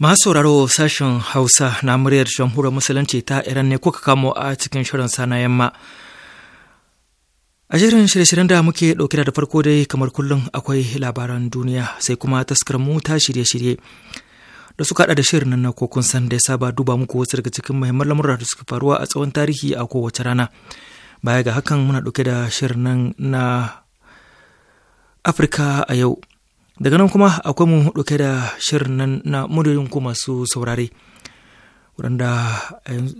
Masu sauraro sashen Hausa na muryar jamhuriyar Musulunci ta Iran ne kuka kamo a cikin shirin sana yamma. A shirin shirye-shiryen da muke ɗauke da farko dai kamar kullum akwai labaran duniya sai kuma taskar mu ta shirye-shirye da suka haɗa da shirin nan na kokun san da ya saba duba muku wasu daga cikin muhimman lamurra da suka faruwa a tsawon tarihi a kowace rana. Baya ga hakan muna ɗauke da shirin nan na Afirka a yau daga nan kuma akwai mu dauke da shirin nan na muryoyin ku masu saurare waɗanda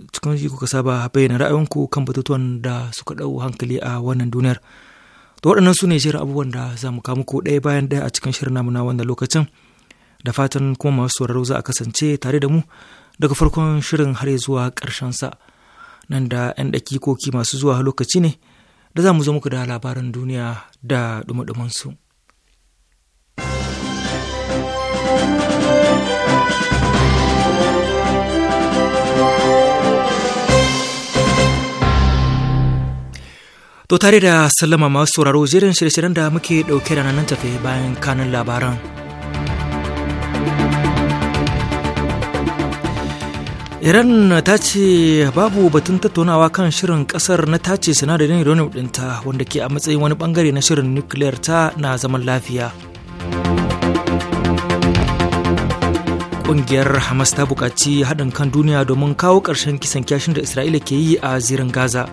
cikin shi kuka saba bayyana ra'ayinku kan batutuwan da suka ɗau hankali a wannan duniyar to waɗannan su ne shirin abubuwan da za mu kawo muku ɗaya bayan ɗaya a cikin shirin namu na wannan lokacin da fatan kuma masu sauraro za a kasance tare da mu daga farkon shirin har zuwa ƙarshen sa nan da 'yan koki masu zuwa lokaci ne da za mu zo muku da labaran duniya da ɗumi su. To tare da sallama masu sauraro jerin shirye-shiryen da muke ɗauke da nan tafe bayan kanin labaran. Iran ta ce babu batun tattaunawa kan shirin kasar na tace sinadarin uranium ɗinta wanda ke a matsayin wani bangare na shirin nukiliyar ta na zaman lafiya. Ƙungiyar Hamas ta buƙaci haɗin kan duniya domin kawo ƙarshen kisan kyashin da Isra'ila ke yi a zirin Gaza.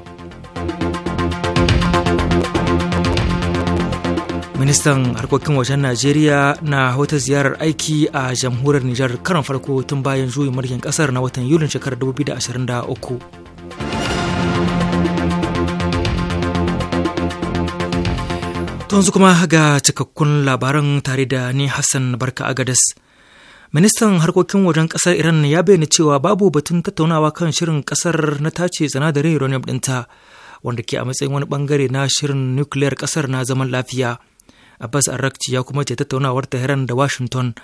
ministan harkokin wajen najeriya na wata ziyarar aiki a jamhuriyar nijar karon farko tun bayan juyin mulkin kasar na watan yulin shekarar 2023 yanzu kuma ga cikakkun labaran tare da ni hassan barka agadas ministan harkokin wajen kasar iran ya bayyana cewa babu batun tattaunawa kan shirin kasar na tace sinadarin uranium dinta wanda ke a matsayin wani bangare na shirin nukiliyar kasar na zaman lafiya abbas arrakci ya kuma ce tattaunawar tehran da washington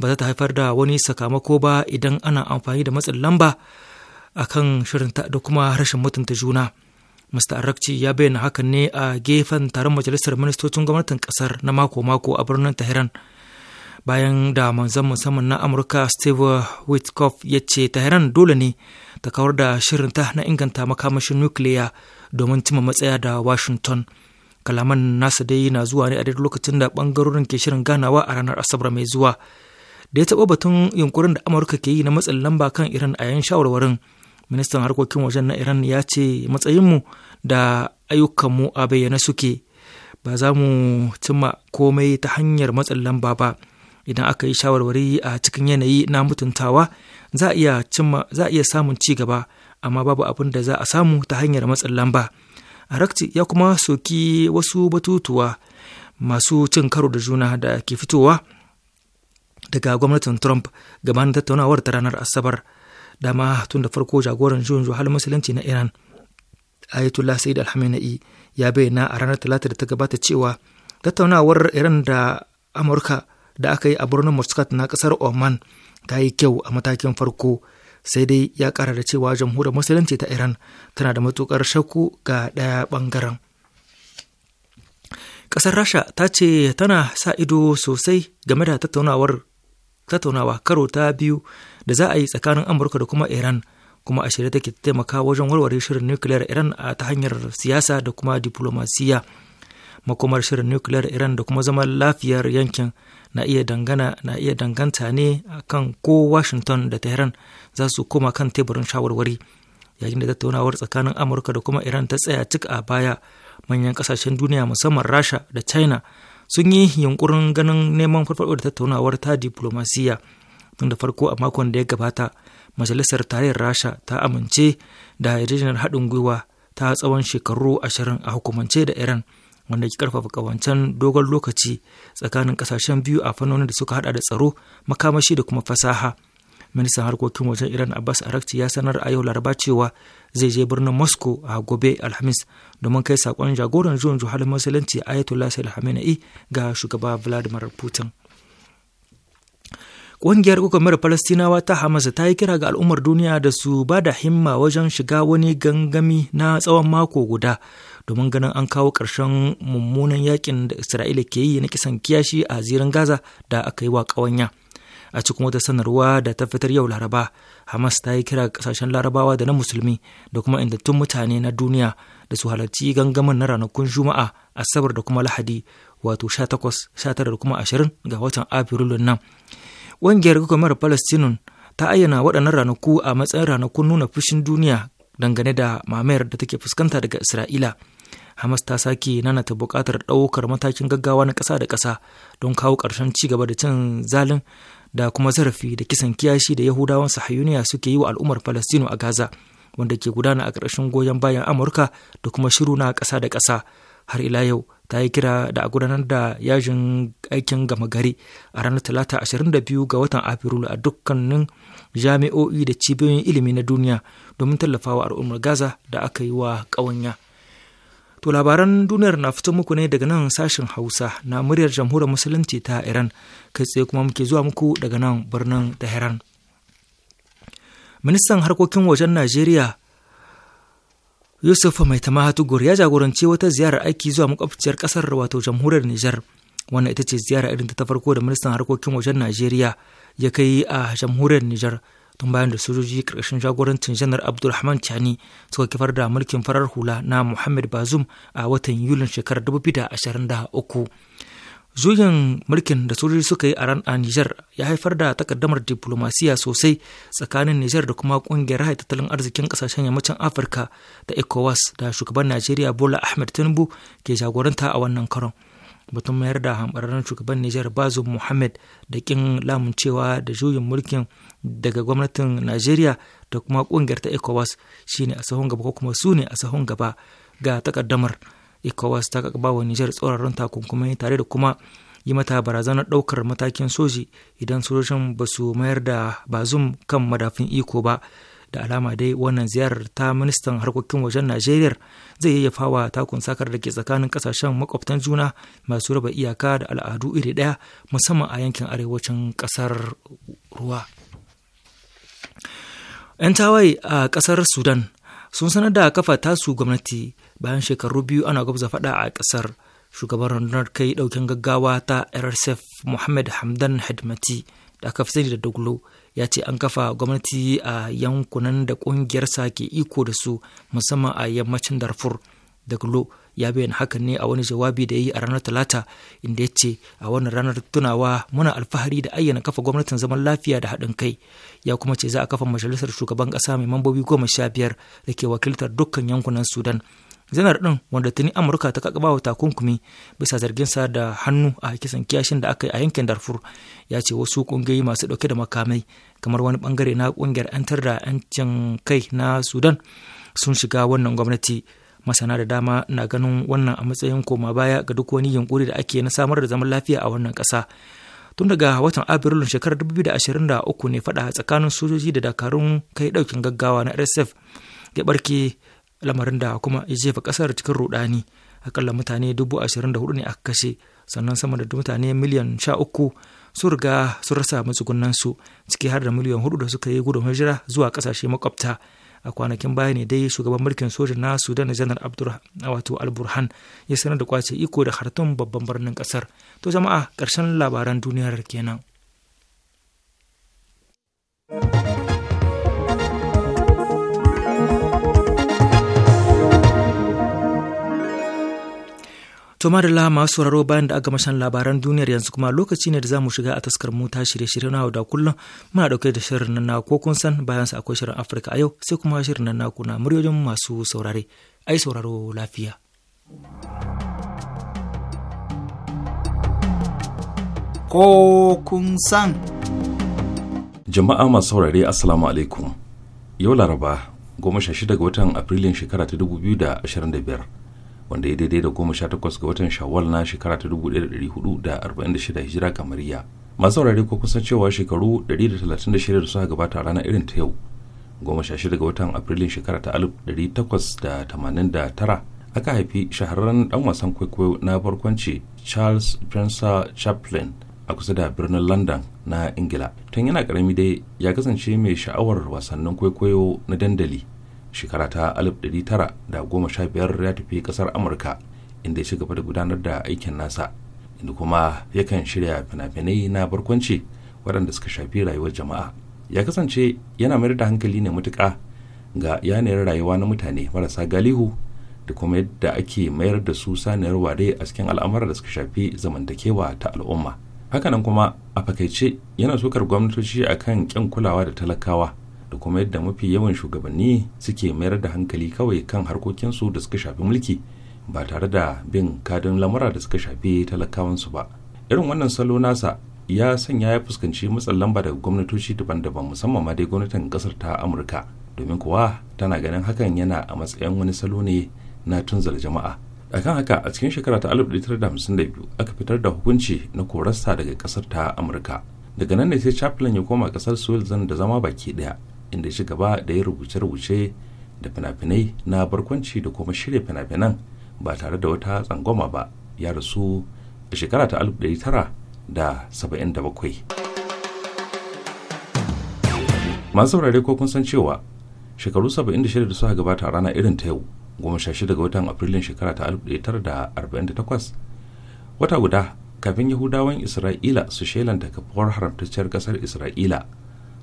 ba za ta haifar da wani sakamako ba idan ana amfani da matsin lamba a kan shirinta da kuma rashin mutunta juna mr arrakci ya bayyana hakan ne a gefen taron majalisar ministocin gwamnatin kasar na mako-mako a birnin tehran bayan da manzan musamman na amurka steve witkoff ya ce tehran dole ne ta kawar da shirinta na inganta makamashin nukiliya domin cimma matsaya da washington kalaman nasa dai na zuwa ne a daidai lokacin da bangarorin ke shirin ganawa a ranar asabar mai zuwa da ya taɓa batun yunkurin da amurka ke yi na matsin lamba kan iran a yan shawarwarin ministan harkokin wajen na iran ya ce matsayinmu da ayyukanmu a bayyane suke ba za mu cimma komai ta hanyar matsin lamba ba idan aka yi shawarwari a cikin yanayi na mutuntawa za a iya samun ci gaba amma babu abin da za a samu ta hanyar matsin lamba. Arakci ya kuma soki wasu batutuwa masu cin karo da juna da ke fitowa daga gwamnatin Trump gabanin tattaunawar ta ranar Asabar. Dama tun da farko jagoran juyin juhal musulunci na Iran Ayatollah Sayyid Al-Hamenei ya bayyana a ranar Talata da ta gabata cewa tattaunawar Iran da Amurka da aka yi a birnin Muscat na kasar Oman ta yi kyau a matakin farko sai dai ya kara da cewa jamhuriyar musulunci ta iran tana da matukar shakku ga ɗaya ɓangaren ƙasar rasha ta ce tana sa ido sosai game da tattaunawar tattaunawa karo ta biyu da za a yi tsakanin amurka da kuma iran kuma a shirye take taimaka wajen warware shirin nukiliyar iran a ta hanyar siyasa da kuma diplomasiya makomar shirin nukiliyar iran da kuma zaman lafiyar yankin na iya dangana na iya danganta ne kan ko Washington da Tehran za su koma kan teburin shawarwari yayin da tattaunawar tsakanin Amurka da kuma Iran ta tsaya cik a baya manyan kasashen duniya musamman Rasha da China sun yi yunkurin ganin neman farfaɗo da tattaunawar ta diplomasiya tun da farko a makon da ya gabata majalisar tarayyar Rasha ta amince da yarjejeniyar haɗin gwiwa ta tsawon shekaru ashirin a hukumance da Iran wanda ke karfafa kawancen dogon lokaci tsakanin kasashen biyu a fannonin da suka hada da tsaro makamashi da kuma fasaha ministan harkokin wajen iran abbas arakci ya sanar a yau laraba cewa zai je birnin moscow a gobe alhamis domin kai sakon jagoran zuwan juhalin musulunci ayatollah sayyid khamenei ga shugaba vladimir putin Ƙungiyar hukumar Falastinawa ta Hamas ta yi kira ga al'ummar duniya da su ba da himma wajen shiga wani gangami na tsawon mako guda domin ganin an kawo ƙarshen mummunan yakin da isra'ila ke yi na kisan kiyashi a zirin gaza da aka yi wa ƙawanya a cikin wata sanarwa da ta fitar yau laraba hamas ta yi kira kasashen larabawa da na musulmi da kuma indattun mutane na duniya da su halarci gangamin na ranakun juma'a asabar da kuma lahadi wato 18 19 da kuma 20 ga watan afrilun nan ƙungiyar gwamnatin palestinun ta ayyana waɗannan ranaku a matsayin ranakun nuna fushin duniya dangane da mamayar da take fuskanta daga isra'ila hamas ta sake nanata buƙatar ɗaukar matakin gaggawa na ƙasa da ƙasa don kawo ƙarshen ci gaba da cin zalin da kuma zarafi da kisan kiyashi da yahudawan sahayuniya suke yi wa al'ummar falastinu a gaza wanda ke gudana a ƙarshen goyon bayan amurka da kuma shiru na ƙasa da ƙasa har ila yau ta yi kira da a gudanar da yajin aikin gama gari a ranar talata 22 ga watan afirilu a dukkanin jami'o'i da cibiyoyin ilimi na duniya domin tallafawa al'ummar gaza da aka yi wa ƙawanya. To labaran duniyar na fito muku ne daga nan sashen Hausa na muryar jamhuriyar musulunci ta Iran kai tsaye kuma muke zuwa muku daga nan birnin Tehran. Ministan harkokin wajen Najeriya Yusuf Maitama Hatugur ya jagoranci wata ziyarar aiki zuwa makwabciyar kasar wato jamhuriyar Nijar. Wannan ita ce ziyara irin ta farko da ministan harkokin wajen Najeriya ya kai a jamhuriyar Nijar. tun bayan da sojoji ƙarƙashin jagorancin janar abdulrahman chani suka kifar da mulkin farar hula na muhammad bazum a watan yulin shekarar 2023 zuyin mulkin da sojoji suka yi a ran a niger ya haifar da takaddamar diplomasiya sosai tsakanin niger da kuma ƙungiyar rahai tattalin arzikin ƙasashen yammacin afirka da ecowas da shugaban najeriya bola ahmed tinubu ke jagoranta a wannan karon batun mayar da hamɓararren shugaban Nijar Bazoum Mohamed da kin lamuncewa da juyin mulkin daga gwamnatin Najeriya da kuma ƙungiyar ta ECOWAS shine a sahun gaba ko kuma su ne a sahun gaba ga takaddamar ECOWAS ta kaba wa Nijar tsoron takunkumai tare da kuma yi mata barazanar ɗaukar matakin soji idan sojojin ba su mayar da bazum kan madafin iko ba. da alama dai wannan ziyarar ta ministan harkokin wajen najeriya zai yayyafa wa takun sakar da ke tsakanin kasashen makwabtan juna masu raba iyaka da al'adu iri ɗaya musamman a yankin arewacin ƙasar ruwa 'yan tawaye a ƙasar sudan sun sanar da kafa tasu gwamnati bayan shekaru biyu ana gwabza faɗa a ƙasar shugaban rundunar kai ɗaukin gaggawa ta rsf muhammad hamdan hadmati da aka fi sani da dogulo ya ce an kafa gwamnati a yankunan da ƙungiyarsa ke iko da su musamman a yammacin darfur da glo ya bayyana hakan ne a wani jawabi da ya yi a ranar talata inda ya ce a wannan ranar tunawa muna alfahari da ayyana kafa gwamnatin zaman lafiya da haɗin kai ya kuma ce za a kafa majalisar shugaban ƙasa mai mambobi goma sha biyar da ke wakiltar dukkan yankunan sudan janar ɗin wanda tuni amurka ta kakaba wa takunkumi bisa zarginsa da hannu a kisan kiyashin da aka yi a yankin darfur ya ce wasu kungiyoyi masu dauke da makamai kamar wani bangare na kungiyar 'yantar da 'yancin kai na sudan sun shiga wannan gwamnati masana da dama na ganin wannan a matsayin koma baya ga duk wani yunkuri da ake na samar da zaman lafiya a wannan kasa tun daga watan abrilun shekarar 2023 ne fada tsakanin sojoji da dakarun kai daukin gaggawa na rsf ya barke lamarin da kuma ya jefa kasar cikin rudani akalla mutane dubu ashirin da hudu ne aka kashe sannan sama da mutane miliyan sha uku sun riga sun rasa su ciki har da miliyan hudu da suka yi gudun hijira zuwa kasashe makwabta a kwanakin baya ne dai shugaban mulkin soja na sudan janar wato alburhan ya sanar da kwace iko da hartun babban birnin kasar to jama'a karshen labaran duniyar kenan. thank To la masu sauraro bayan da aka mashan labaran duniyar yanzu kuma lokaci ne da za mu shiga a taskar mota shirye-shirye na da kullum muna dauke da shirin nan na ko kun san bayan sa akwai shirin Afirka a yau sai kuma shirin nan naku na muryoyin masu saurare ai sauraro lafiya. Ko kun san. Jama'a masu saurare Assalamu alaikum. Yau Laraba goma sha shida ga watan Afrilun shekara ta dubu biyu da ashirin biyar. wanda ya daidai da goma sha takwas ga watan shawwal na shekara ta dubu ɗaya da ɗari hudu da arba'in da shida hijira kamariya masu saurare ko kusan cewa shekaru ɗari da talatin da shida da suka gabata ranar irin ta yau goma sha shida ga watan afrilun shekara ta alif ɗari takwas da tamanin da tara aka haifi shahararren dan wasan kwaikwayo na barkwanci charles spencer chaplin a kusa da birnin london na ingila tun yana karami dai ya kasance mai sha'awar wasannin kwaikwayo na dandali shekara ta alif tara da goma sha biyar ya tafi kasar amurka inda ya ci gaba da gudanar da aikin nasa inda kuma yakan shirya fina-finai na barkwanci waɗanda suka shafi rayuwar jama'a ya kasance yana mayar da hankali ne matuƙa ga yanayin rayuwa na mutane marasa galihu da kuma yadda ake mayar da su saniyar ware a cikin al'amuran da suka shafi zamantakewa ta al'umma hakanan kuma a fakaice yana sukar gwamnatoci akan kyan kulawa da talakawa da kuma yadda mafi yawan shugabanni suke mayar da hankali kawai kan harkokinsu da suka shafi mulki ba tare da bin kadin lamura da suka shafi talakawansu ba irin wannan salo nasa ya sanya ya fuskanci matsin lamba daga gwamnatoci daban-daban musamman ma dai gwamnatin kasar ta amurka domin kuwa tana ganin hakan yana a matsayin wani salo ne na tunzar jama'a a kan haka a cikin shekara ta 1952 aka fitar da hukunci na korasta daga kasar ta amurka daga nan ne sai chaplin ya koma kasar sweden da zama baki daya inda ya gaba da ya rubuce-rubuce da fina-finai na barkwanci da kuma shirya fina-finan ba tare da wata tsangwama ba ya rasu a shekara ta 1977 masu saurare ko kun san cewa shekaru 76 da suka gabata a rana irin ta yau goma shida ga watan afrilun shekara ta 1948 wata guda kafin yahudawan isra'ila su shelanta kafuwar haramtacciyar kasar isra'ila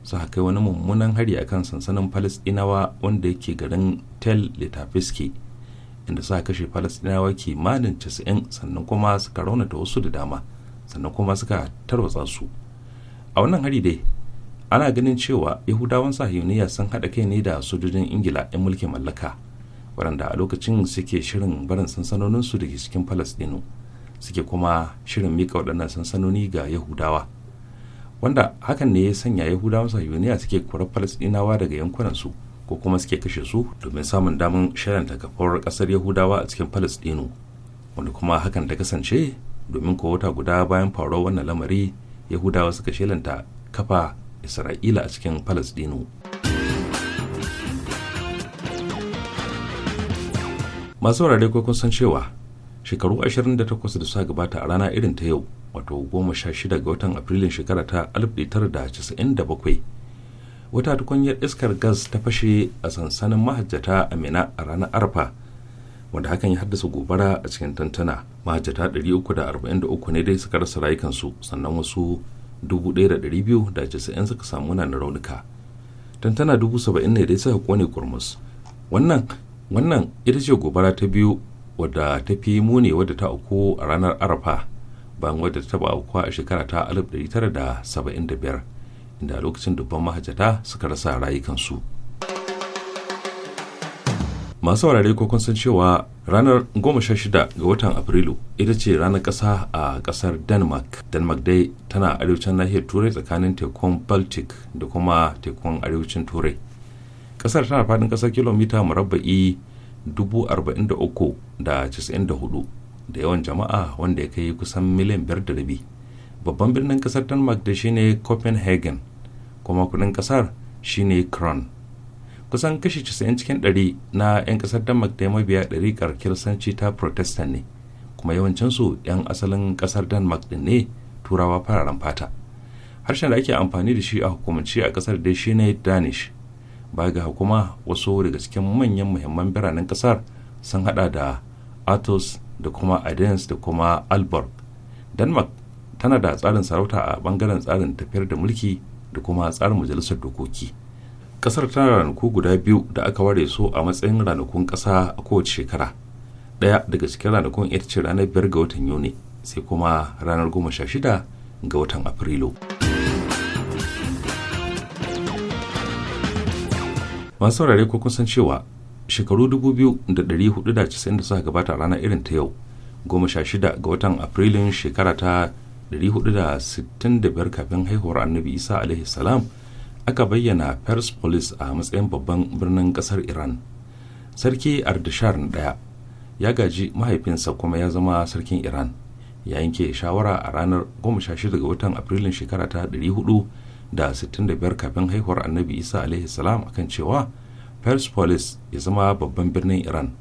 suka kai wani mummunan hari akan sansanin falasɗinawa wanda yake garin tel litafiske inda suka kashe ke kimanin casa'in sannan kuma suka raunata wasu da dama sannan kuma suka tarwatsa su a wannan hari dai ana ganin cewa yahudawan sahiyoniya sun haɗa kai ne da sojojin ingila 'yan mulkin mallaka waɗanda a lokacin suke shirin barin sansanoninsu da ke cikin falasɗinu suke kuma shirin mika waɗannan sansanoni ga yahudawa wanda hakan ne ya sanya yahudawan sahiyoniya suke kurar falasɗinawa daga yankunan su ko kuma suke kashe su domin samun damar shirin kafawar kasar yahudawa a cikin falasɗinu wanda kuma hakan ta kasance domin ko wata guda bayan faruwar wannan lamari yahudawa suka shelanta kafa isra'ila a cikin falasɗinu masu wurare kun san cewa shekaru 28 da suka gabata a rana irin ta yau wato goma sha shida ga watan afrilun shekara ta da 1997 wata tukunyar iskar gas ta fashe a sansanin mahajjata a mina a ranar arfa wanda hakan ya haddasa gobara a cikin tantana mahajjata 343 ne dai suka rasa rayukansu sannan wasu 1,290 suka samu na raunuka tantana 70,000 ne dai suka kone kurmus wannan wannan ita ce gobara ta biyu wadda ta fi muni wadda ta uku a ranar arafa bayan wadda ta taba aukuwa a shekara ta 1975 inda lokacin dubban mahajjata suka rasa rayukansu masu warare ko kun san cewa ranar 16 ga watan afrilu ita ce ranar ƙasa a ƙasar denmark denmark dai tana arewacin nahiyar turai tsakanin tekun baltic da kuma tekun arewacin turai ƙasar tana faɗin ƙasar kilomita murabba'i 43,94 da yawan jama'a wanda ya kai kusan miliyan biyar da rabi babban birnin kasar denmark da shine copenhagen kuma kudin kasar shine kron kusan kashi 90 cikin ɗari na 'yan kasar denmark da ya mabiya ɗariƙar kirsanci ta protestant ne kuma yawancinsu 'yan asalin kasar denmark din ne turawa fararen fata harshen da ake amfani da shi a hukumance a kasar da shine danish baya ga kuma wasu daga cikin manyan muhimman biranen kasar sun hada da athos da kuma adens da kuma alborg denmark tana da tsarin sarauta a bangaren tsarin tafiyar da mulki da kuma tsarin majalisar dokoki kasar tana ranaku guda biyu da aka ware su a matsayin ranakun kasa a kowace shekara daya daga cikin ranakun ita ce ranar biyar ga watan yuni sai kuma ranar goma sha shida ga watan afrilu masu saurare ko kun san cewa shekaru 2,490 da suka gabata ranar irin ta yau goma sha shida ga watan afrilun shekara ta 465 kafin haihuwar annabi isa alaihi salam aka bayyana persepolis a matsayin babban birnin kasar iran sarki ardashar daya ya gaji mahaifinsa kuma ya zama sarkin iran ya yanke shawara a ranar 16 ga watan afrilun shekara ta 465 kafin haihuwar annabi isa alaihi salam akan cewa persepolis ya zama babban birnin iran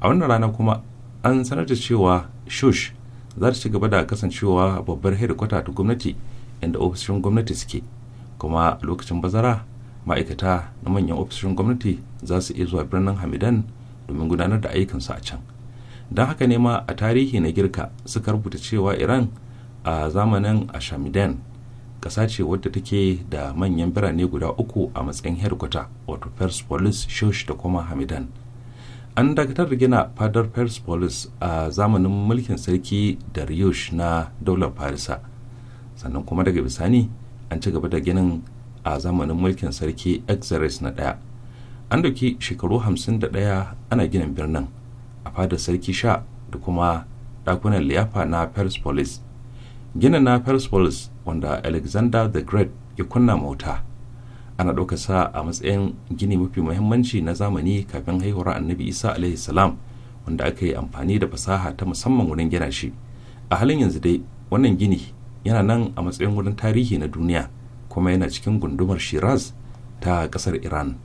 a wannan rana kuma an sanar da cewa shush za ta ci gaba da kasancewa babbar hedikwata ta gwamnati inda ofishin gwamnati suke kuma a lokacin bazara ma'aikata na manyan ofishin gwamnati za su iya zuwa birnin hamidan domin gudanar da ayyukansu a can don haka ne ma a tarihi na girka suka rubuta cewa iran a zamanin ashamidan ƙasa ce wadda take da manyan birane guda uku a matsayin herkuta wato persepolis shosh da kuma hamidan an dakatar da gina fadar persepolis a zamanin mulkin sarki da riyosh na daular farisa sannan kuma daga bisani an ci gaba da ginin a zamanin mulkin sarki exeris na ɗaya an dauki shekaru 51 ana ginin birnin a fadar sarki sha da kuma dakunan liyafa na persepolis ginin na persepolis wanda alexander the great ya kunna mota ana ɗaukar sa a matsayin gini mafi muhimmanci na zamani kafin haihuwar annabi isa alaihi salam wanda aka yi amfani da fasaha ta musamman wurin gina shi a halin yanzu dai wannan gini yana nan a matsayin wurin tarihi na duniya kuma yana cikin gundumar shiraz ta ƙasar iran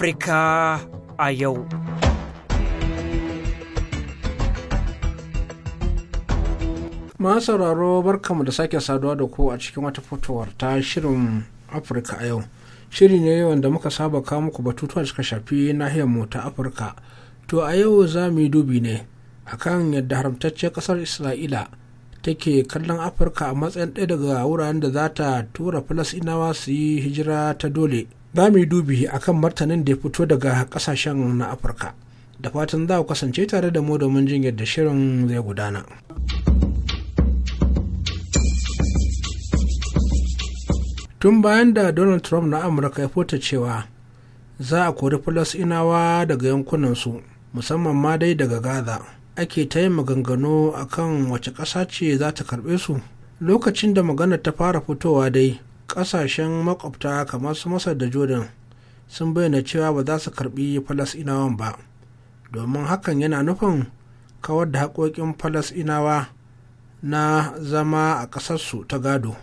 Afrika a yau. Ma sauraro barkamu da sake saduwa da ku a cikin wata fitowar ta shirin Afirka a yau. Shiri ne wanda muka saba kawo muku batutuwa suka shafi nahiyar mu ta Afirka. To a yau za mu yi dubi ne akan yadda haramtacciyar kasar Isra'ila take kallon Afirka a matsayin ɗaya daga wuraren da za ta tura filas inawa su yi hijira ta dole. za mu yi dubi a kan martanin da ya fito daga kasashen na afirka da fatan za ku kasance tare da mu domin jin yadda shirin zai gudana tun bayan da donald trump na amurka ya fota cewa za a kori inawa daga yankunansu musamman ma dai daga gaza ake ta yin maganganu akan wace ƙasa ce za ta karɓe su lokacin da magana ta fara fitowa dai ƙasashen makwabta kamar su masar da jordan sun bayyana cewa ba za su karbi falasinawan ba domin hakan yana nufin kawar da haƙoƙin falasinawa na zama a ƙasarsu ta gado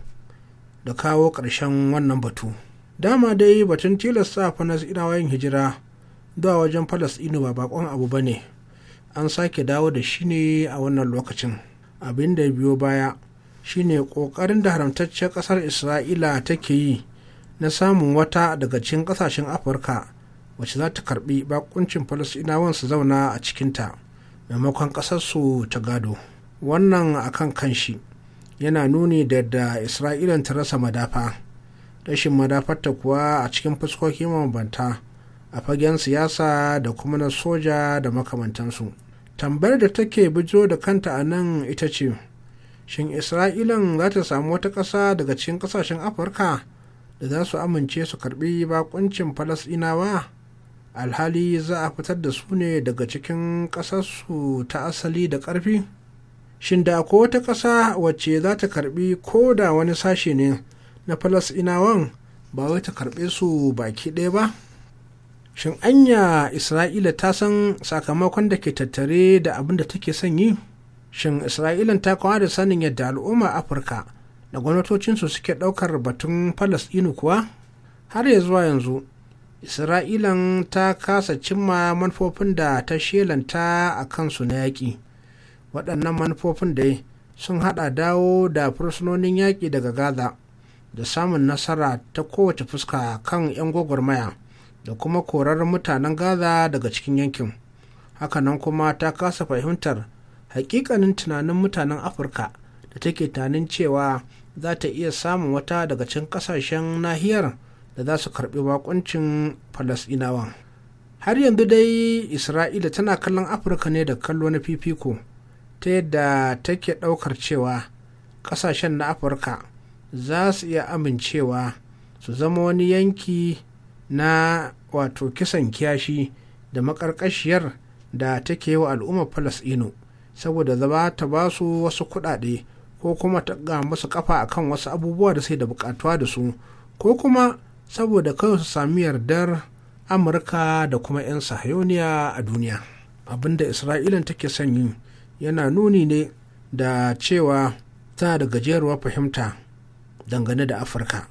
da kawo ƙarshen wannan batu dama dai batun tilasta falasinawa yin hijira zuwa wajen falasɗinu ba bakon abu ba ne an sake dawo da shi ne a wannan lokacin abin da biyo baya shine ƙoƙarin da haramtacciyar ƙasar isra'ila take yi na samun wata daga cikin ƙasashen afirka wacce za ta karbi bakuncin falasinawan su zauna a cikinta maimakon ƙasarsu ta gado wannan akan kanshi yana nuni da da isra'ila ta rasa madafa rashin madafarta kuwa a cikin fuskoki mabambanta a fagen siyasa da kuma na soja da makamantansu tambayar da take bijo da kanta a nan ita ce shin isra'ilan za ta samu wata ƙasa daga cikin ƙasashen afirka da za su amince su karbi bakuncin falasɗinawa alhali za a fitar da su ne daga cikin ƙasarsu ta asali da ƙarfi shin da akwai wata ƙasa wacce za ta karbi ko da wani sashe ne na falasɗinawan ba wai ta karbe su baki ɗaya ba shin anya isra'ila ta san sakamakon da ke tattare da abin da take son yi shin isra'ilan ta kawo da sanin yadda al'umma afirka da gwamnatocinsu suke ɗaukar batun falasɗinu kuwa har ya zuwa yanzu isra'ilan ta kasa cimma manufofin da ta shelanta a kansu na yaƙi waɗannan manufofin da sun haɗa dawo da fursunonin yaƙi daga gaza da samun nasara ta kowace fuska kan 'yan gwagwarmaya da kuma korar mutanen gaza daga cikin yankin hakanan kuma ta kasa fahimtar hakikanin tunanin mutanen afirka da take tunanin cewa za ta iya samun wata daga cikin kasashen nahiyar da za su karbi bakuncin falasɗinawan har yanzu dai isra'ila tana kallon afirka ne da kallo na fifiko ta yadda take ɗaukar cewa ƙasashen na afirka za su iya amincewa su zama wani yanki na wato kisan kiyashi da maƙarƙashiyar da take yi wa al'ummar falasɗinu saboda zama ta ba su wasu kuɗaɗe ko kuma ta ga musu kafa akan wasu abubuwa da sai da bukatuwa da su ko kuma saboda kawai su sami yardar amurka da kuma 'yan sahayoniya a duniya abinda isra'ilin take son yi yana nuni ne da cewa ta da gajeruwar fahimta dangane da afirka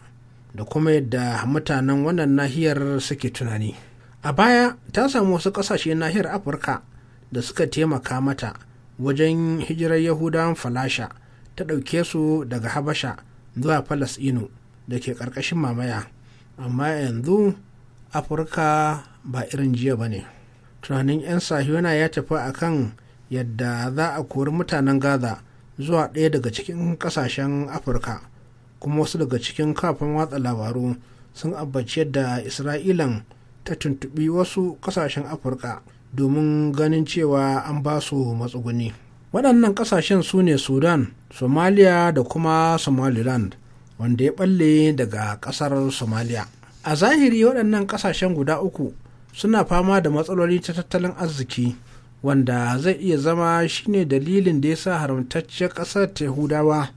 da kuma yadda mutanen wannan nahiyar suke tunani a baya ta samu wasu ƙasashe nahiyar afirka da suka taimaka mata wajen hijirar yahudawan falasha ta ɗauke su daga habasha zuwa Inu, da ke ƙarƙashin mamaya amma yanzu afirka ba irin jiya ba ne tunanin 'yan sahiyona ya tafi a kan yadda za a kori mutanen gaza zuwa ɗaya daga cikin ƙasashen afirka kuma wasu daga cikin kafin watsa labaru sun abbaci yadda isra'ilan ta tuntubi wasu ƙasashen afirka domin ganin cewa an ba su matsuguni waɗannan ƙasashen su ne sudan somalia da kuma somaliland wanda ya ɓalle daga ƙasar somalia a zahiri waɗannan ƙasashen guda uku suna fama da matsaloli ta tattalin arziki wanda zai iya zama shine dalilin da ya sa haramtacciyar ƙasar yahudawa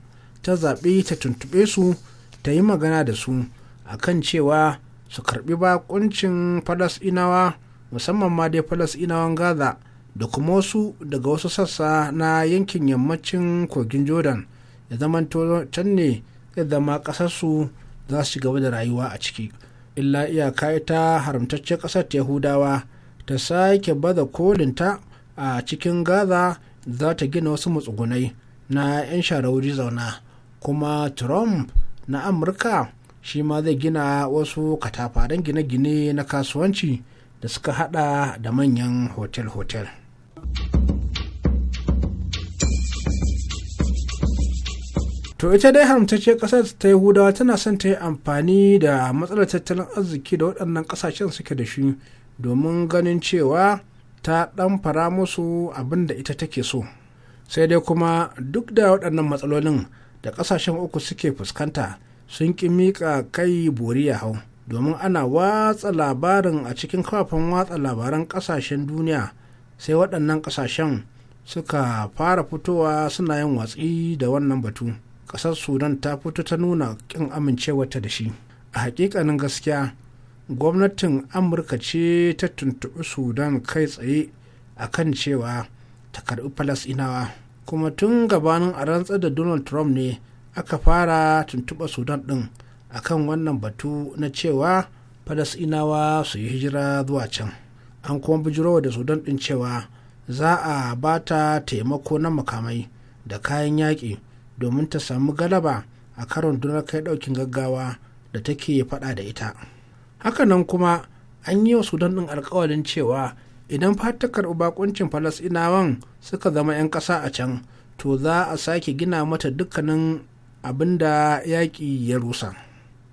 ta zaɓi ta tuntuɓe su ta yi magana da su a kan cewa su karɓi baƙuncin falasɗinawa musamman ma dai falasɗinawan gaza da kuma wasu daga wasu sassa na yankin yammacin kogin jordan ya zama can ne zai zama ƙasarsu za su gaba da rayuwa a ciki illa iyaka ita haramtacce ƙasar yahudawa ta sake baza kolinta a cikin gaza za ta gina wasu matsugunai na 'yan sharawuri zauna kuma trump na amurka shi ma zai gina wasu katafaren gine-gine na kasuwanci da suka hada da manyan hotel-hotel. To ita dai haramtacce ƙasar ta Yahudawa tana son ta yi amfani da matsalar tattalin arziki da waɗannan ƙasashen suke da shi domin ganin cewa ta ɗan fara musu abin da ita take so. Sai dai kuma duk da waɗannan matsalolin da ƙasashen uku suke fuskanta sun ƙi miƙa kai bori ya hau. domin ana watsa labarin a cikin kafafen watsa labaran kasashen duniya sai waɗannan kasashen suka fara fitowa suna yin watsi da wannan batu ƙasar sudan ta fito ta nuna ƙin amincewarta da shi a hakikanin gaskiya gwamnatin amurka ce ta tuntuɓi sudan kai tsaye a kan cewa ta karɓi falasinawa kuma tun gabanin a rantsar da donald trump ne aka fara tuntuɓa sudan ɗin akan wannan batu na cewa falasinawa su yi hijira zuwa can an kuma bijirowa da sudan ɗin cewa za a ba ta taimako na makamai da kayan yaƙi domin ta samu galaba a karon dunar kai ɗaukin gaggawa da take faɗa da ita hakanan kuma an yi wa sudan ɗin alkawalin cewa idan fatakar ubakuncin falasinawan suka zama 'yan ƙasa a can to za a sake gina mata dukkanin abin da yaƙi ya rusa.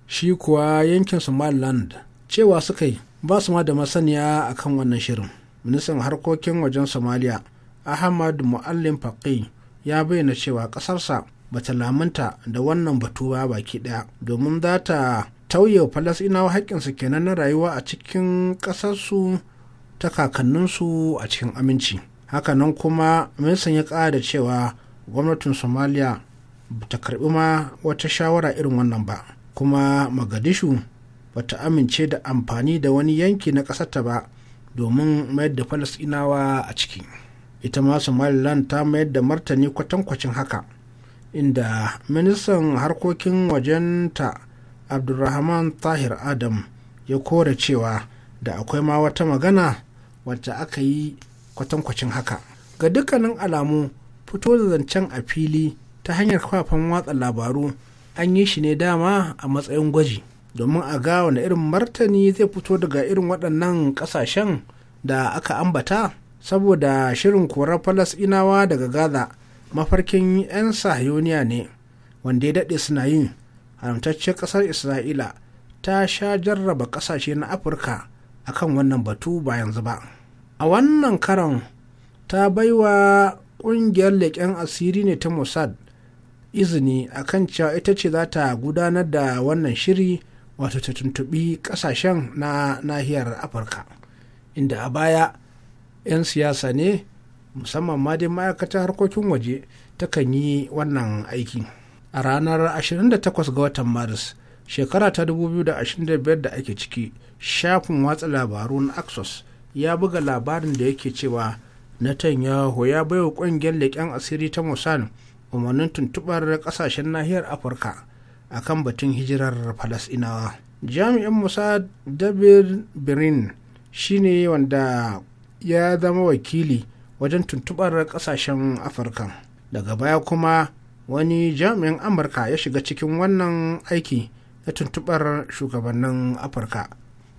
shi kuwa yankin somaliland cewa suka yi ba su ma da masaniya a kan wannan shirin ministan harkokin wajen somaliya ahmad muallim faqi ya bayyana cewa ƙasarsa ba ta lamunta da wannan batu ba baki ɗaya domin za ta tauye falasɗinawa haƙƙinsu kenan na rayuwa a cikin ƙasarsu ta kakanninsu a cikin aminci hakanan kuma ministan ya ƙara cewa gwamnatin somaliya ba ta karɓi ma wata shawara irin wannan ba kuma magadishu ba ta amince da amfani da wani yanki na ƙasarta ba domin mayar da falasɗinawa a ciki ita ma somaliland ta mayar da martani kwatankwacin haka inda ministan harkokin wajenta abdulrahman tahir adam ya kore cewa da akwai ma wata magana wacce aka yi kwatankwacin haka ga dukkanin alamu fito da zancen a fili ta hanyar kafafen watsa labaru an yi shi ne dama a matsayin gwaji domin a ga wani irin martani zai fito daga irin waɗannan ƙasashen da aka ambata saboda shirin korar inawa daga gaza mafarkin 'yan sahiyoniya ne wanda ya daɗe suna yin haramtaccen ƙasar isra'ila ta sha jarraba ƙasashe na afirka akan wannan batu ba yanzu ba a wannan karon ta baiwa ƙungiyar leƙen asiri ne ta mossad izini a kan cewa ita ce za ta gudanar da wannan shiri wato ta tuntubi kasashen na nahiyar afirka inda a baya 'yan siyasa ne musamman ma dai ma'aikatar harkokin waje takan yi wannan aiki a ranar 28 ga watan maris shekara ta 2025 da ake ciki shafin watsa labarun na axos ya buga labarin da yake cewa netanyahu ya baiwa ƙungiyar leƙen asiri ta musamman umarnin tuntubar kasashen nahiyar afirka a kan batun hijirar falasinawa jami'in musa david birin shine wanda ya zama wakili wajen tuntubar kasashen afirka daga baya kuma wani jami'in amurka ya shiga cikin wannan aiki na tuntubar shugabannin afirka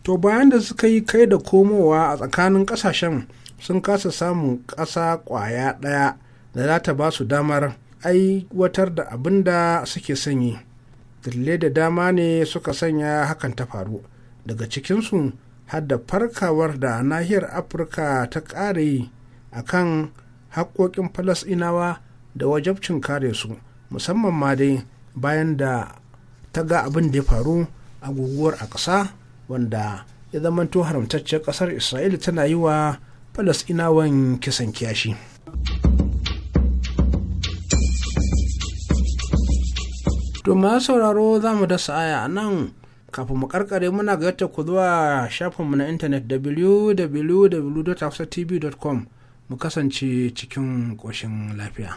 to bayan da suka yi kai da komowa a tsakanin kasashen sun kasa samun ƙasa ƙwaya ɗaya da za ta ba su damar aiwatar da abin da suke sanyi dalilai da dama ne suka sanya hakan ta faru daga cikinsu har da farkawar da nahiyar afirka ta ƙare a kan haƙoƙin falasɗinawa da wajabcin kare su musamman ma dai bayan da ta ga abin da ya faru a guguwar a ƙasa wanda ya zamanto haramtacciyar ƙasar isra'ila tana yi wa falasɗinawan kisan kiyashi. domin sauraro za mu dasa aya nan kafin mu karkare muna yadda ku zuwa shafinmu na intanet www.hafsatv.com mu kasance cikin ƙoshin lafiya.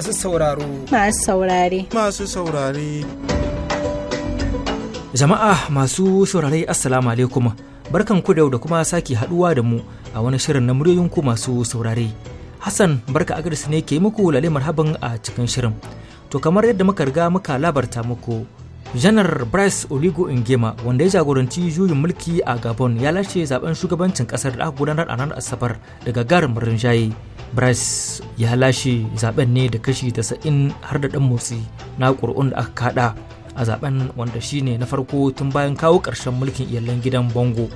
masu sauraro. Masu saurare. Masu saurare. Jama'a masu saurare Assalamu alaikum. Barkan ku da kuma sake haduwa da mu a wani shirin na muryoyin ku masu saurare. Hassan barka a ne ke muku lale marhaban a cikin shirin. To kamar yadda muka riga muka labarta muku janar bryce oligo ingema wanda ya jagoranci juyin mulki a gabon ya lashe zaben shugabancin kasar da aka gudanar a ranar asabar daga garin rinjaye Bryce ya lashe zaben ne da kashi 90 har da ɗan motsi na ƙuri'un da aka kaɗa a zaben wanda shine na farko tun bayan kawo ƙarshen mulkin iyalan gidan Bongo.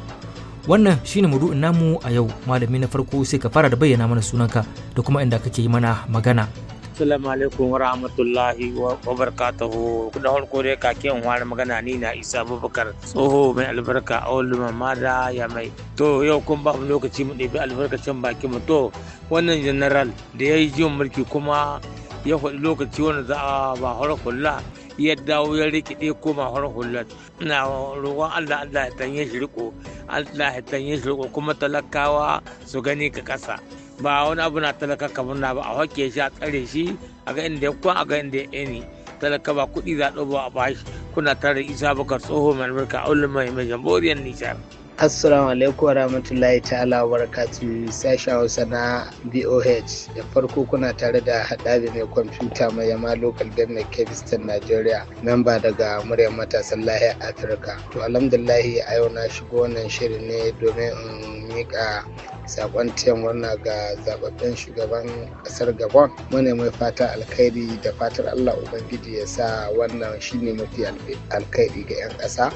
Wannan shine maudu'in namu a yau malami na farko sai ka fara da bayyana mana sunanka da kuma inda kake yi mana magana. Assalamu alaikum wa rahmatullahi wa barakatuhu. Da farko dai kakin magana ni na Isa Abubakar tsoho mai albarka a wani mamada ya mai. To yau kun ba mu lokaci mu ɗebi albarkacin baki mu to wannan general da ya yi jin mulki kuma ya faɗi lokaci wanda za a ba horar ya dawo ya rikide koma horar na Ina roƙon Allah Allah ya tanye shi riko Allah ya tanye shi riko kuma talakawa su gani ka ƙasa. ba wani abu na talaka kamar na ba a hake shi a tsare shi a ga inda ya a ga inda ya eni talaka ba kuɗi zaɗo ba a bashi kuna tare isa bakar tsoho mai albarka a ulama mai jamboriyar nijar. Assalamu alaikum warahmatullahi ta'ala wa barakatuhu sashi Hausa na BOH da farko kuna tare da haɗari mai kwamfuta mai yama local government kebistan Nigeria memba daga muryar matasan lahiya Afirka. To alhamdulillahi a yau na shigo wannan shirin ne domin in mika sakon tiyan wannan ga zababben shugaban ƙasar Gabon. Mune mai fata alkhairi da fatar Allah Ubangiji ya sa wannan shine mafi alkhairi ga 'yan ƙasa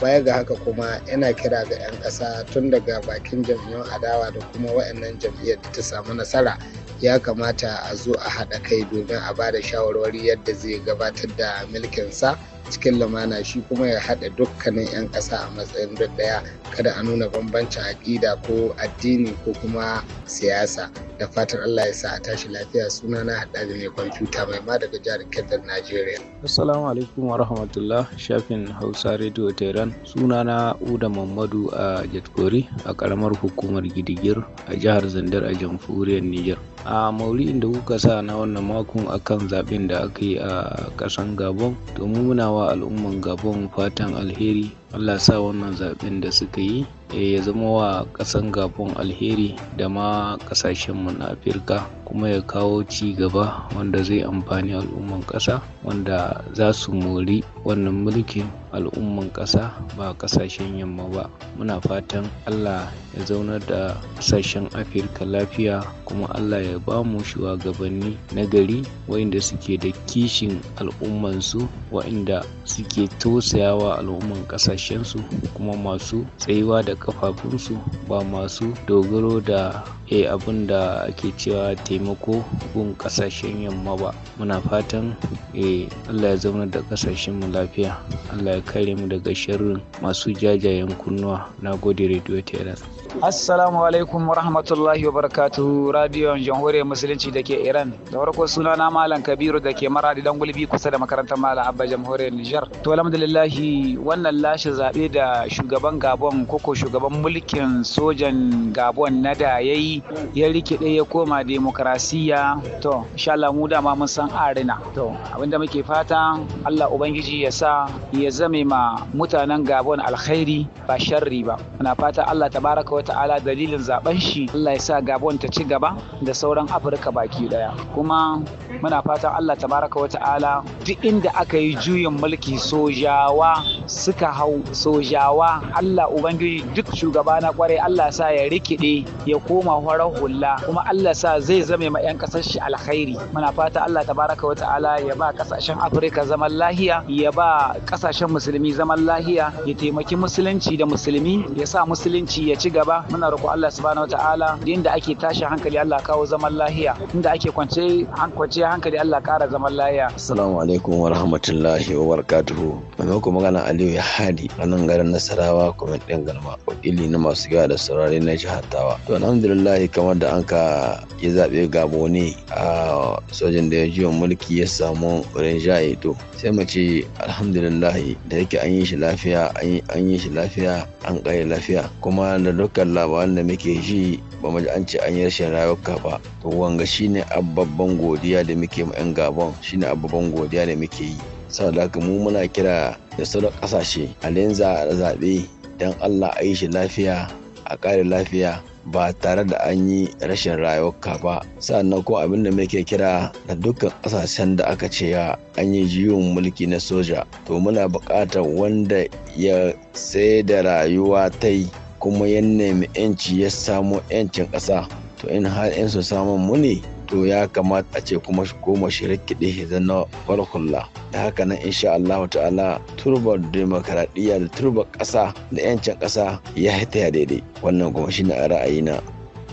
baya ga haka kuma yana kira ga 'yan ƙasa tun daga bakin jami'an adawa da kuma waɗannan jam'iyyar da ta samu nasara ya kamata a zo a haɗa kai domin a ba da shawarwari yadda zai gabatar da mulkinsa cikin lamana shi kuma ya haɗa dukkanin 'yan ƙasa a matsayin da ɗaya kada a nuna bambancin aƙida ko addini ko kuma siyasa da fatan Allah ya sa a tashi lafiya suna na haɗa da mai kwamfuta mai ma daga jihar Kebbin Najeriya. Assalamu alaikum wa rahmatullah shafin Hausa Radio Tehran suna na Uda Mamadu a Jatkori a karamar hukumar Gidigir a jihar Zandar a jamhuriyar Niger. a maulidin da kuka sa na wannan makon akan zaɓen da aka yi a ƙasan gabon domin muna wa al'umman Gabon fatan alheri. Allah sa wannan zaben da suka yi Eh, ya zama wa kasan gabon alheri da ma ƙasashenmu na afirka kuma ya kawo ci gaba wanda zai amfani al'umman ƙasa wanda za su mori wannan mulkin al'umman ƙasa ba ƙasashen yamma ba muna fatan allah ya zaunar da ƙasashen afirka lafiya kuma allah ya ba mu shugabanni na gari wa'inda suke da kishin al'ummansu wa'inda suke tausayawa al'umman ƙasashensu kuma masu tsayuwa da ƙafafunsu ba masu dogaro da e eh, abin da ake cewa taimako gun ƙasashen yamma ba muna fatan a eh, allah ya zama da ƙasashen mu lafiya allah ya kare mu daga sharrin masu jajayen kunnuwa na gode radio teras Assalamu alaikum wa rahmatullahi wa barakatuhu radiyon jamhuriyar musulunci da ke Iran. Da farko suna na Malam Kabiru da ke maradi dan gulbi kusa da makarantar Malam Abba jamhuriyar Nijar. To alhamdulillahi wannan lashe zaɓe da shugaban Gabon koko shugaban mulkin sojan Gabon na da yayi ya rikide ya koma demokrasiya. To insha Allah mu dama mun san arina. To abinda muke fata Allah ubangiji ya sa ya zame ma mutanen Gabon alkhairi ba sharri ba. Muna fata Allah tabaraka wa dalilin zaben shi Allah ya sa Gabon ta ci gaba da sauran Afirka baki daya kuma muna fatan Allah tabaraka wa ta'ala duk inda aka yi juyin mulki sojawa suka hau sojawa Allah ubangiji duk shugaba na kware Allah sa ya rikide ya koma horar hula kuma Allah sa zai zame ma 'yan kasar shi alkhairi muna fatan Allah tabaraka wa ta'ala ya ba kasashen Afirka zaman lahiya ya ba kasashen musulmi zaman lahiya ya taimaki musulunci da musulmi ya sa musulunci ya ci gaba gaba muna roƙo Allah subhanahu wataala inda ake tashi hankali Allah kawo zaman lahiya inda ake kwance kwance hankali Allah ƙara zaman lahiya assalamu alaikum wa rahmatullahi wa barakatuhu maimakon magana Aliyu ya hadi a nan garin Nasarawa kuma din garma, wadili na masu gaba da saurare na jihar Tawa to alhamdulillah kamar da an ka ya zaɓe gabo ne a sojan da ya jiwa mulki ya samu rinjaye to sai mu ce alhamdulillahi da yake an yi shi lafiya an yi shi lafiya an kare lafiya kuma da dukkan labaran da muke ji ba mu ji an ce an yi rashin rayuka ba to wanga shine abbabban godiya da muke mu yan gabon shine abbabban godiya da muke yi saboda haka mu muna kira da sauran kasashe a lenza a zaɓe don allah a yi shi lafiya a ƙare lafiya ba tare da an yi rashin rayuwa ba sannan ko abin da muke kira da dukkan ƙasashen da aka ce ya an yi jiwon mulki na soja to muna buƙatar wanda ya sai da rayuwa ta yi kuma ya nemi 'yanci ya samo 'yancin ƙasa to in har 'yan su samun mu ne to ya kamata a ce kuma koma shi rikide zan na farkulla da haka nan insha Allah ta'ala turbar demokaradiyya da turbar ƙasa da 'yancin ƙasa ya hita ya daidai wannan kuma na a ra'ayina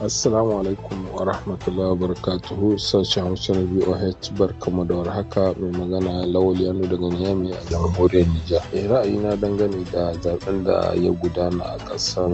Assalamu alaikum wa rahmatullahi wa barakatuhu sashen Hausa na bar kama da haka, mai magana Lawal Yano daga Niyami a jamhuriyar Nijar. Eh ra'ayina dangane da zaben da ya gudana a ƙasar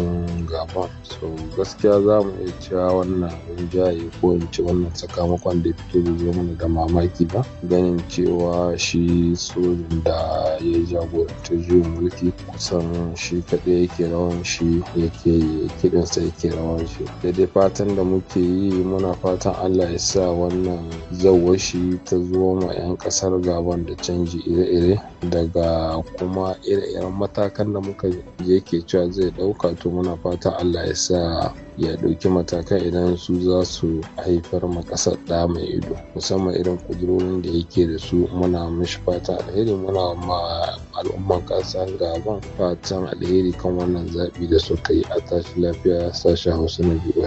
Gabon. So gaskiya za mu iya cewa wannan rinjaya ko in ce wannan sakamakon da ya fito da zo mana da mamaki ba. Ganin cewa shi sojin da ya jagoranci juyin mulki kusan shi kaɗai yake rawan shi yake kiɗansa yake rawan shi. fatan da muke yi muna fatan allah ya sa wannan zawashi ta zuwa ma 'yan kasar gaban da canji ire-ire daga kuma ire-iren matakan da muka je ke cewa zai dauka to muna fatan allah ya sa ya ɗauki matakai idan su za su haifar ma ƙasar ɗa mai ido musamman irin ƙudurorin da yake da su muna mishi fata alheri muna ma al'umman ƙasar gaban fatan alheri kan wannan zaɓi da suka yi a tashi lafiya sashen hausa na biyu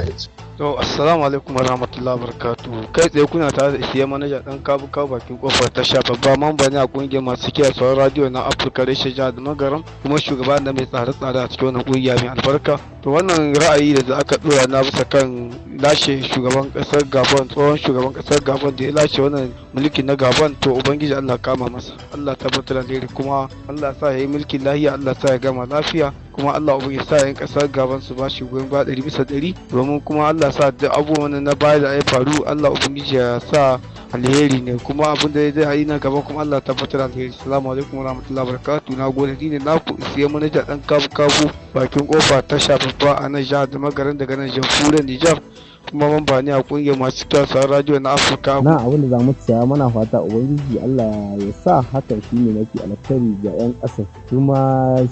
To assalamu alaikum warahmatullahi wabarakatuh kai tsaye kuna tare da isiye manaja dan kabu kabu bakin kofar tasha babba mamba ne a kungiyar masu kiyaye sauran radio na Afirka reshe jihar da magaram kuma shugaba da mai tsare tsare a cikin wannan kungiya mai albarka to wannan ra'ayi da aka dora na bisa kan lashe shugaban kasar Gabon tsohon shugaban kasar Gabon da ya lashe wannan mulki na Gabon to ubangiji Allah kama masa Allah tabbatar alheri kuma Allah sa ya yi mulkin lafiya Allah sa ya gama lafiya kuma Allah ubangiji sa yi kasar Gabon su ba shi goyon ba 100 bisa 100 domin kuma Allah Allah sa duk abubuwan na baya da ya faru Allah ubangiji ya sa alheri ne kuma abin da zai yi nan gaba kuma Allah tabbatar alheri assalamu alaikum warahmatullahi wabarakatuh na gode ni ne naku siya manaja dan kabu kabu bakin kofa ta shafafa a nan jihar da magaran daga nan jamhuriyar Nijar kuma mambani a kungiyar masu kyasa radio na afirka na abin da za mu tsaya mana fata ubangiji allah ya sa hakan shi ne mafi alkhairi ga yan ƙasar kuma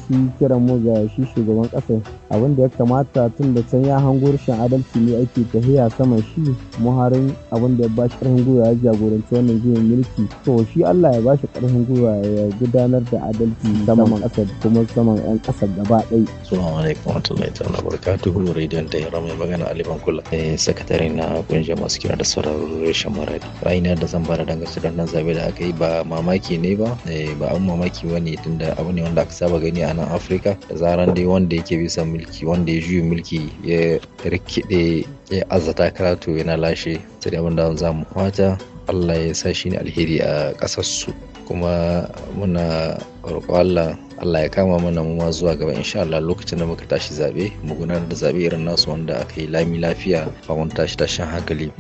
shi kiran mu ga shi shugaban ƙasar abin da ya kamata tun da can ya hango rashin adalci ne ake tahiya sama shi muharin abin da ya ba shi ƙarfin gwiwa ya jagoranci wannan jinin mulki to shi allah ya ba shi ƙarfin gwiwa ya gudanar da adalci saman ƙasar kuma saman yan ƙasar gaba ɗaya. Assalamu alaikum rahmatullahi ta'ala barakatuhu rediyon da ya rama magana Aliban Kula. Eh, sakatare na kungiyar masu kira da sauraron reshen maradi ra'ayina da zan bada dangance da nan zabe da aka yi ba mamaki ne ba eh, ba an mamaki ba tunda abu ne wanda aka saba gani a nan afirka da zaran dai wanda yake bisa mulki wanda ya juyi mulki ya rikide ya azata karatu yana lashe sai abin da za mu fata allah ya sa shi ne alheri a ƙasarsu kuma muna roƙo allah Allah ya kama mana mu ma zuwa gaba insha Allah lokacin da muka tashi zabe mu gudanar da zabe irin nasu wanda aka yi lami lafiya ba mun tashi tashin hankali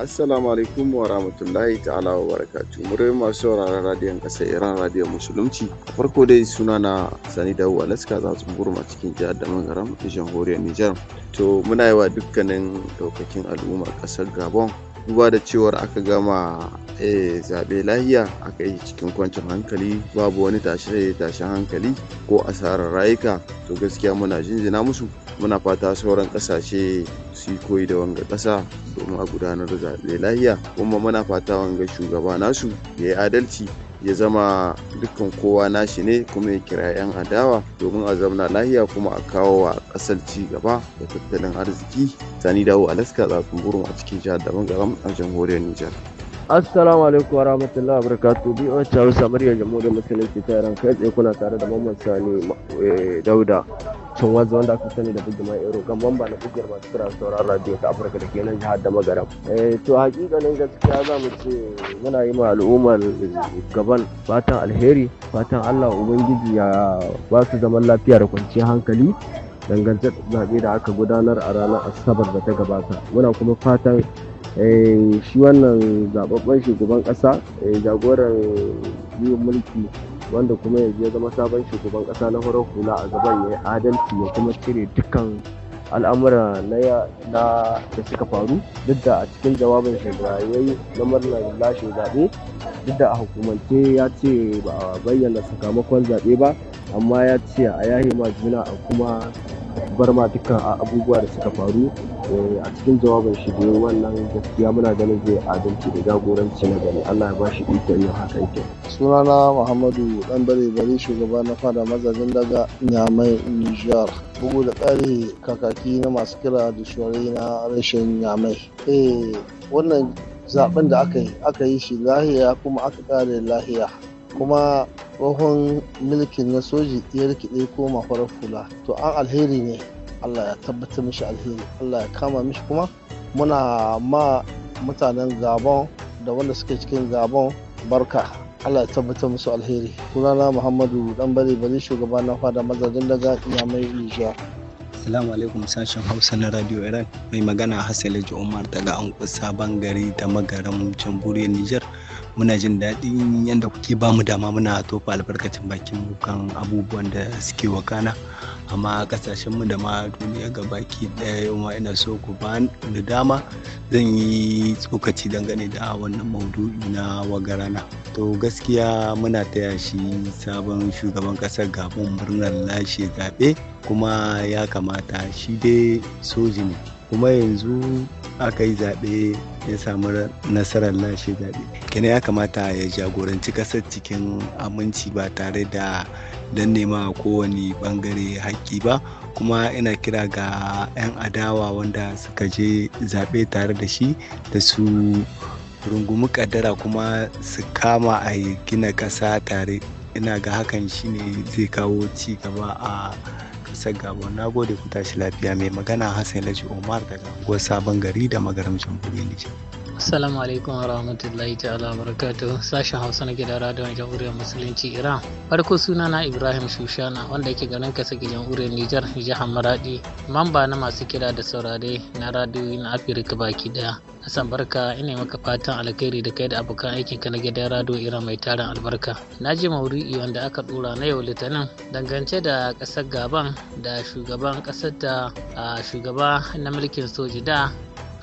Assalamu alaikum wa rahmatullahi ta'ala wa barakatuh. rai masu sauraron radiyon ƙasa Iran radiyon Musulunci. A farko dai suna na Sani Dawu Alaska za su gurma cikin jihar da Mangaram, Jamhuriyar Nijar. To muna yi wa dukkanin daukakin al'ummar ƙasar Gabon duba da cewar aka gama eh, zaɓe lahiya aka yi cikin kwancin hankali babu wani tashe hankali ko asarar rayuka to gaskiya muna jinjina musu muna fata sauran ƙasashe su koyi da wanga ƙasa domin a gudanar da zaɓe lahiya kuma muna fata wanga shugaba nasu ya yi adalci ya zama dukkan kowa nashi ne kuma ya kira 'yan adawa domin a zamna lahiya kuma a kawo wa kasar ci gaba da tattalin arziki sani dawo alaska tsatsun burin a cikin jihar daban garam a jamhuriyar nijar Assalamu alaikum wa rahmatullahi wa barakatuh bi wacce Hausa muryar jamhuriyar musulunci ta yaran kai tsaye kuna tare da Mamman Sani eh, Dauda cin wanzu wanda aka sani da bugi mai ero kan bamba na kugiyar masu kira sauran radio ta afirka da ke nan jihar da magaram eh, to hakikanin gaskiya za mu ce muna yi ma al'ummar gaban fatan alheri fatan allah ubangiji ya ba su zaman lafiya da kwanciyar hankali dangantar zaɓe da aka gudanar a ranar asabar da ta gabata muna kuma fatan eh, shi wannan zababben shugaban ƙasa eh, jagoran biyun mulki wanda kuma yanzu ya zama sabon shugaban kasa na horar hula a gaban ya yi adalci ya kuma cire dukkan al'amura na da suka faru duk da a cikin jawabin shugaba ya yi na murnar lashe zaɓe duk da a hukumance ya ce ba a bayyana sakamakon zaɓe ba amma ya ce a yahi ma juna a kuma bar ma dukkan abubuwa da suka faru eh, a cikin jawabin shi da wannan gaskiya muna ganin zai adalci da jagoranci na gari Allah ya ba shi ikon yin haka yake. Sunana Muhammadu Dan Bare Bare shugaba na fada mazajin daga Nyamai Niger. Bugu da kare kakaki na masu kira da shore na rashin Nyamai. Eh wannan zaben da aka yi aka yi shi lahiya kuma aka kare lahiya kuma tsohon mulkin na soji ya rikide ko mafarar fula to an alheri ne allah ya tabbatar mishi alheri allah ya kama mishi kuma muna ma mutanen gabon da wanda suke cikin gabon barka allah ya tabbatar musu alheri sunana muhammadu dan bari bari shugaba na fada mazajen daga iyamai nijiya Assalamu alaikum sashen Hausa na Radio Iran mai magana Hassan Umar daga an Sabon Gari da magaran Jamhuriyar Nijar. muna jin daɗin yadda kuke ba mu dama muna tofa albarkacin bakin mu kan abubuwan da suke wakana amma kasashen mu da ma duniya ga baki ɗaya yau ma ina so ku ba da dama zan yi tsokaci dangane da wannan maudu'i na wagarana to gaskiya muna taya shi sabon shugaban ƙasar gabon murnar lashe zaɓe kuma ya kamata shi dai soji ne kuma yanzu aka yi zaɓe ya samu nasarar lashe zaɓe kenan ya kamata ya jagoranci ƙasar cikin aminci ba tare da don nema kowane ɓangare haƙƙi ba kuma ina kira ga 'yan adawa wanda suka je zaɓe tare da shi da su rungumi ƙaddara kuma su kama a gina ƙasa tare ina ga hakan shine zai kawo ci gaba a ƙasar Gabon. Na gode ku tashi lafiya mai magana Hassan Laji Omar daga unguwar Sabon Gari da magaram jamhuriyar Nijar. Assalamu alaikum wa rahmatullahi ta'ala barakatu sashen Hausa na gidan radiyon jamhuriyar musulunci Iran. Farko suna na Ibrahim Shushana wanda yake garin kasa jamhuriyar Nijar jihar Maradi. Mamba na masu kira da saurare na radiyoyi na Afirka baki daya. Hassan barka ina maka fatan alkhairi da kai da abokan aikin ka na gidan rado Iran mai tarin albarka. Na ji mauri'i wanda aka dora na yau litinin dangance da kasar Gaban da shugaban kasar ta shugaba na mulkin soji da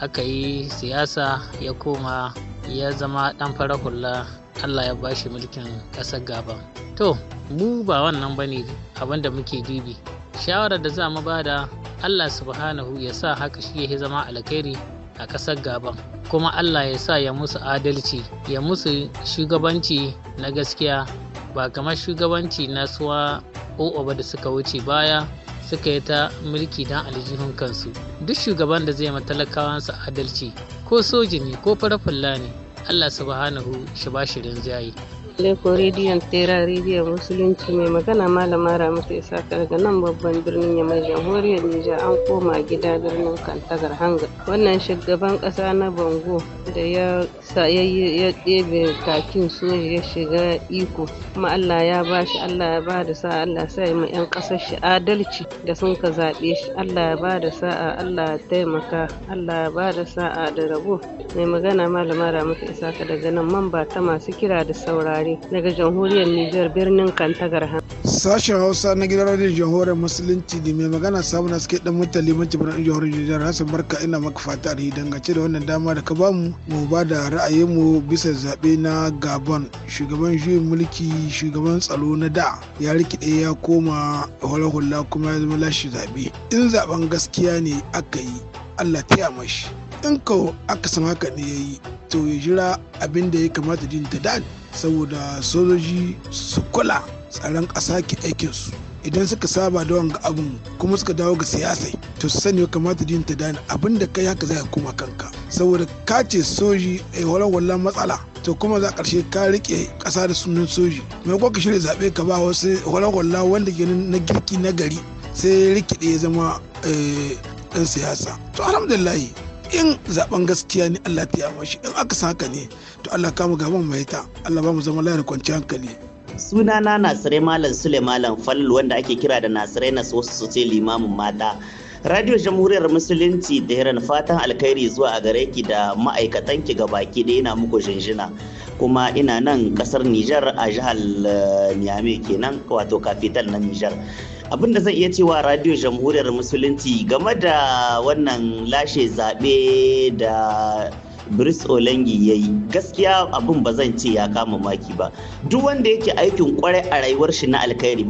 aka yi siyasa ya koma ya zama ɗan fara hula allah ya bashi mulkin ƙasar gaba to mu ba wannan ba ne abin da muke dubi shawarar da za mu da, allah subhanahu ya sa haka shi ya zama alkhairi a ƙasar gaban kuma allah ya sa ya musu adalci ya musu shugabanci na gaskiya ba kamar shugabanci na suwa ba da suka wuce baya suka yi ta mulki don aljihun kansu duk shugaban da zai matalakawansa adalci ko soji ne ko fara ne Allah subhanahu shi bashirin zayi. Leko rediyon tera rediyon musulunci mai magana malama ramata isa daga nan babban birnin yamai jamhuriyar Nijar an koma gida birnin kantagar hanga. Wannan shugaban ƙasa na bango da ya ya ɗebe kakin soja ya shiga iko kuma Allah ya ba shi Allah ya ba da sa'a Allah sa ma 'yan ƙasar shi adalci da sun ka zaɓe shi Allah ya ba da sa'a Allah ya taimaka Allah ya ba da sa'a da rabo mai magana malama ramata isa daga nan mamba ta masu kira da saurari. saurare daga jamhuriyar Nijar birnin Kantagar Sashen Hausa na gidan radiyon jamhuriyar Musulunci ne mai magana samu na suke dan mutali mace birnin jamhuriyar Nijar Hassan Barka ina maka fata da dangace da wannan dama da ka bamu mu ba da ra'ayinmu bisa zaɓe na Gabon shugaban juyin mulki shugaban tsaro na da ya rikide ya koma hula kuma ya zama lashe zaɓe in zaben gaskiya ne aka yi Allah taya mashi in ko aka san haka ne ya yi to ya jira abin da ya kamata jin ta da saboda sojoji su kula tsaron ƙasa ke aikinsu idan suka saba da wanga abin kuma suka dawo ga siyasai to su sani kamata din ta dani abin da kai haka za ka koma kanka saboda ka ce soji eh, a wallan matsala to kuma za karshe ka rike ƙasa da sunan soji mai ko ka shirya zaɓe ka ba wasu walwala wanda ke na girki na gari sai rikide ya zama eh, ɗan siyasa to alhamdulillah in zaben gaskiya ne Allah ta yawa shi in aka san haka ne to Allah kama gaban mai ta Allah ba mu zama lafiya da kwanciyar hankali sunana nasirai malam sule malam Falalu wanda ake kira da nasirai na sosu sosai limamin mata radio jamhuriyar musulunci da hiran fatan alkhairi zuwa a gare ki da ma'aikatan ki ga baki da yana muku jinjina kuma ina nan kasar nijar a jihar eh, niamey kenan wato kafital na nijar abin da zan iya cewa radio jamhuriyar musulunci game da wannan lashe zaɓe da Brice Olengi ya yi gaskiya abin ba zan ce ya kama maki ba duk wanda yake aikin kwarai a rayuwar shi na alkhairi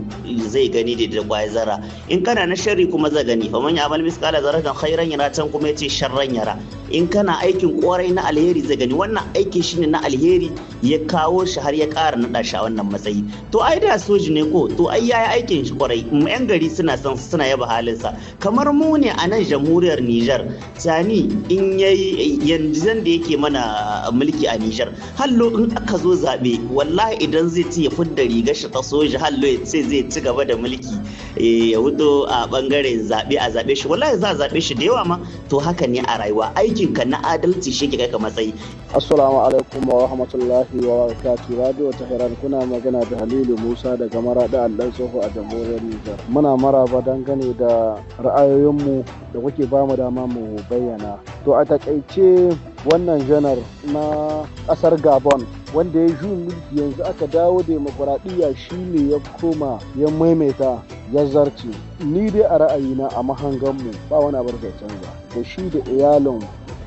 zai gani da da kwaye zara in kana na sharri kuma zai gani fa man ya'mal miskala kan khairan yara can kuma yace sharran yara in kana aikin kwarai na alheri zai gani wannan aiki ne na alheri ya kawo shi har ya kara naɗa shi a wannan matsayi to ai da soji ne ko to ai yayi aikin shi kwarai yan gari suna san suna yaba halinsa kamar mu ne a nan jamhuriyar Nijar Tani in yayi yanzu da yake mana mulki a Nijar hallo in aka zo zaɓe wallahi idan zai ci ya fudda rigar shi ta soja hallo sai zai ci gaba da mulki eh, ya wuto a ɓangaren zaɓe a zaɓe shi wallahi za a zaɓe shi da yawa ma to haka ne a rayuwa aikinka na adalci shi ke kai matsayi. Assalamu alaikum wa rahmatullahi wa barakatuh Radio hirar kuna magana da Halilu Musa daga Maraɗa Allah Tsoho a jamhuriyar Nijar. Muna maraba dangane da ra'ayoyinmu da kuke ba mu dama mu bayyana. To a takaice wannan janar na ƙasar Gabon wanda ya juyin mulki yanzu aka dawo demokuraɗiyya shi ne ya koma ya maimaita ya zarce ni dai a ra'ayina a mahanganmu ba wani abar da canza da shi da iyalin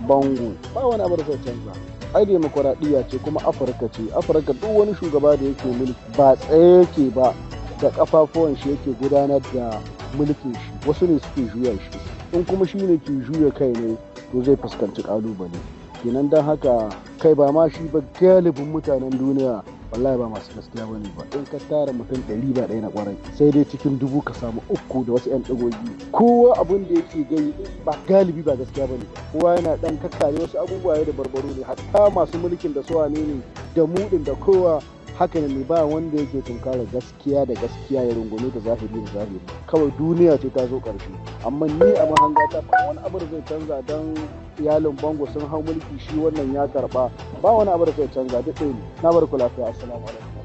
bango ba wani abar da canza ai demokuraɗiyya ce kuma afirka ce afirka duk wani shugaba da yake mulki ba tsaye yake ba da kafafuwan shi yake gudanar da mulkin shi wasu ne suke juya shi in kuma shi ne ke juya kai ne to zai fuskanci kalubale kenan don haka kai ba ma shi ba galibin mutanen duniya wallahi ba masu gaskiya ba ne ba in ka tara mutum ɗari ba ɗaya na ƙwarai sai dai cikin dubu ka samu uku da wasu 'yan ɗagogi kowa abin da yake gani ba galibi ba gaskiya ba ne kowa yana ɗan kakkare wasu abubuwa da barbaro ne hatta masu mulkin da su ne da mudin da kowa haka ne ba wanda yake tunkara gaskiya da gaskiya ya rungume da zahiri da zahiri kawai duniya ce ta zo ƙarshe amma ni a mahanga ta ba wani abu da zai canza don iyalin bango sun hau mulki shi wannan ya karba ba wani abu da zai canza duk ne na bar ku lafiya assalamu alaikum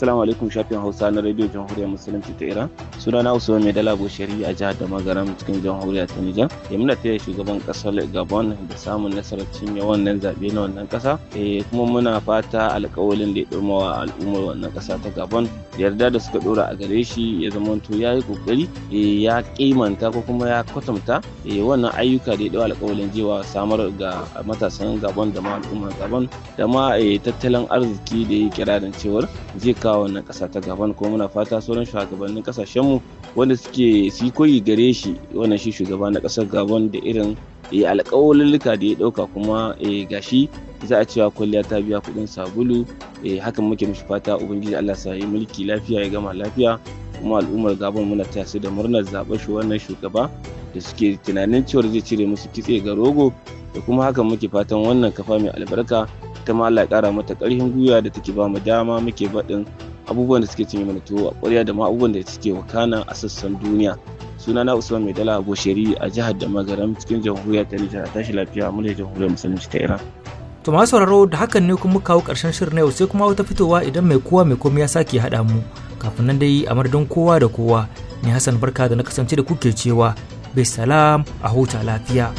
Assalamu alaikum shafin Hausa na Radio Jamhuriyar Musulunci ta Iran. Suna na Usman Mai Dala Bushari a jihar da magaram cikin Jamhuriyar ta Nijar. Ya eh, muna taya shugaban kasar Gabon da samun nasarar cinye wannan zaɓe na wannan kasa Eh kuma muna fata alƙawalin da ya ɗorma wa al'ummar wannan ƙasa ta Gabon yarda da suka ɗora a gare shi ya to ya yi ƙoƙari eh, ya kimanta ko kuma ya kwatanta eh, wannan ayyuka da ya ɗau alƙawalin jewa samar ga matasan Gabon da ma al'ummar Gabon da ma tattalin arziki da ya da cewar zai sa wannan ƙasa ta gaban kuma muna fata sauran shugabannin ƙasashenmu wanda suke su koyi gare shi wannan shi shugaba na ƙasar gabon da irin eh, alƙawalulluka da ya ɗauka kuma eh, gashi za a cewa kwalliya ta biya kuɗin sabulu eh, hakan muke mishi fata ubangiji allah sa yi mulki lafiya ya gama lafiya kuma al'ummar gabon muna taya su da murnar zaɓar shi wannan shugaba da suke tunanin cewar zai cire musu kitse ga rogo da kuma haka muke fatan wannan kafa mai albarka ta ma Allah ƙara mata ƙarfin gwiwa da take ba mu dama muke badin abubuwan da suke cinye mana tuwo a ƙwarya da ma abubuwan da suke wakana a sassan duniya suna na usman mai dala abosheri a jihar da magaram cikin jamhuriyar ta nijar tashi lafiya mulai jamhuriyar musulunci ta iran to masu sauraro da hakan ne kuma kawo karshen shirin yau sai kuma wata fitowa idan mai kowa mai komai ya sake haɗa mu kafin nan dai a madadin kowa da kowa ni hassan barka da na kasance da kuke cewa bai salam a huta lafiya.